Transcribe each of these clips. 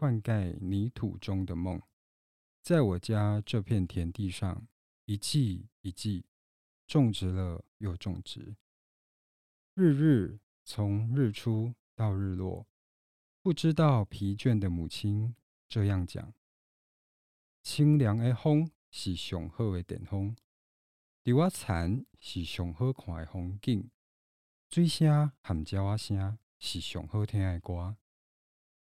灌溉泥土中的夢，在我家這片田地上，一季一季種植了又種植，日日從日出到日落，不知道疲倦的母親這樣講：清涼的風是上好嘅電風，稻啊蠶是上好看嘅風景，水聲含鳥啊聲是上好聽嘅歌。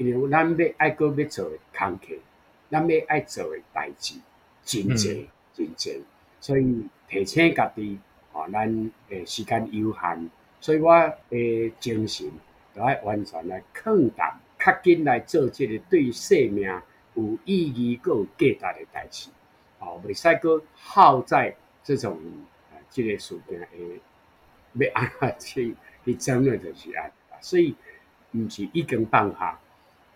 因為咱要愛擱要做嘅工作，咱要愛做嘅代志真儕真儕，所以提醒家己，哦，咱誒時間有限，所以我誒精神都愛完全來抗淡較緊來做即個對生命有意義、個有價值嘅代志，哦，未使擱耗在這種誒即、啊這個事情誒。要安怎去，去真個就是安，所以毋是已經放下。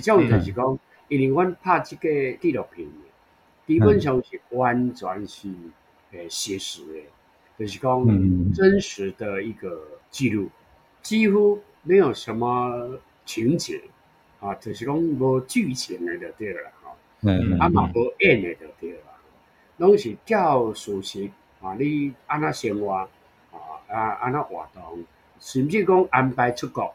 即係講就是講，因為我們拍這個紀錄片，基、嗯、本上是完全是誒寫實嘅，嗯、就是講真實的一個記錄，嗯、幾乎沒有什麼情節，啊，就是講冇劇情嘅就對了，嚇，嗯，阿媽冇演的就對啦，都是較實事，啊，你安怎生活，啊啊安怎活動，甚至講安排出國。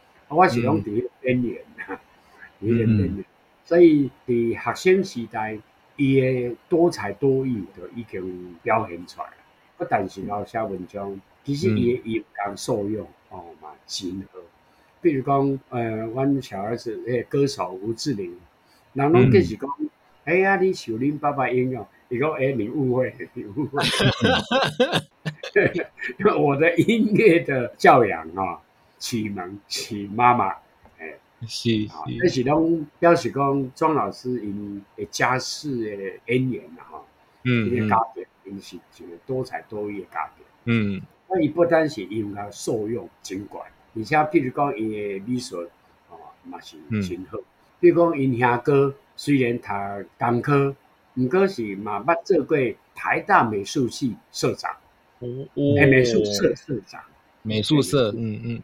我是講啲邊緣，所以在學生時代，伊嘅多才多藝就已經表現出啦。不但是教寫文章，其實伊亦有咁受用，哦，嘛，真好。比如講，呃，我小兒子誒，那個，歌手吳志玲，嗱，我繼續，哎呀，你受你爸爸影響，欸，你說哎，你誤會，誤會，我的音樂的教養啊。哦啟蒙，啟媽媽，哎，是，那是攏表示講莊老師因嘅家世嘅淵源啦，哈，嗯，家庭，因是一個多才多藝嘅家庭，嗯，那伊不單是因為他受用真廣，而且譬如講伊嘅美術，哦，嘛是真好，比如講因兄哥雖然讀工科，唔過是嘛捌做過台大美術系社長，哦，美術社社長，美術社，嗯嗯。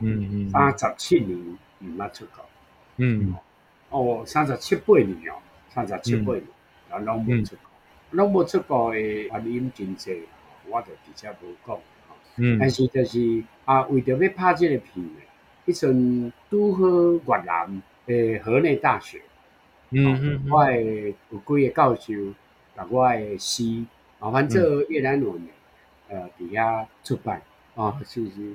嗯嗯，三十七年唔捌出國，嗯哦，三十七八年哦，三十七八年，啊，攏未、嗯、出國，攏無、嗯、出國嘅原因真濟，我就直接無講，嗯，但是就是啊，為咗要拍即個片，一陣拄好越南誒河內大學，嗯嗯，嗯嗯啊、我誒有幾個教授，但我誒詩，我翻做越南文誒誒，佇遐、嗯呃、出版，啊，其是，是。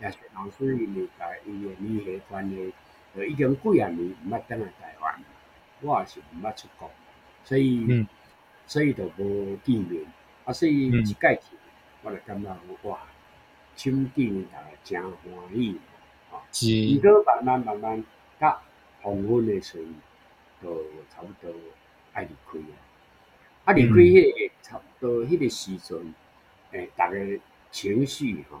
也是，老師，因為在伊嘅旅行社，就已經幾年唔乜來台灣，我也是唔乜出國，所以、嗯、所以就冇見面。啊，所以呢屆時，嗯、我就感覺哇，親近大家很歡，開、哦、喜。是。如果慢慢慢慢，啊，黃昏嘅時，就差不多，愛離開。啊，離開、那個，個、嗯、差不多，係個時陣。誒，大家情緒嚇。哦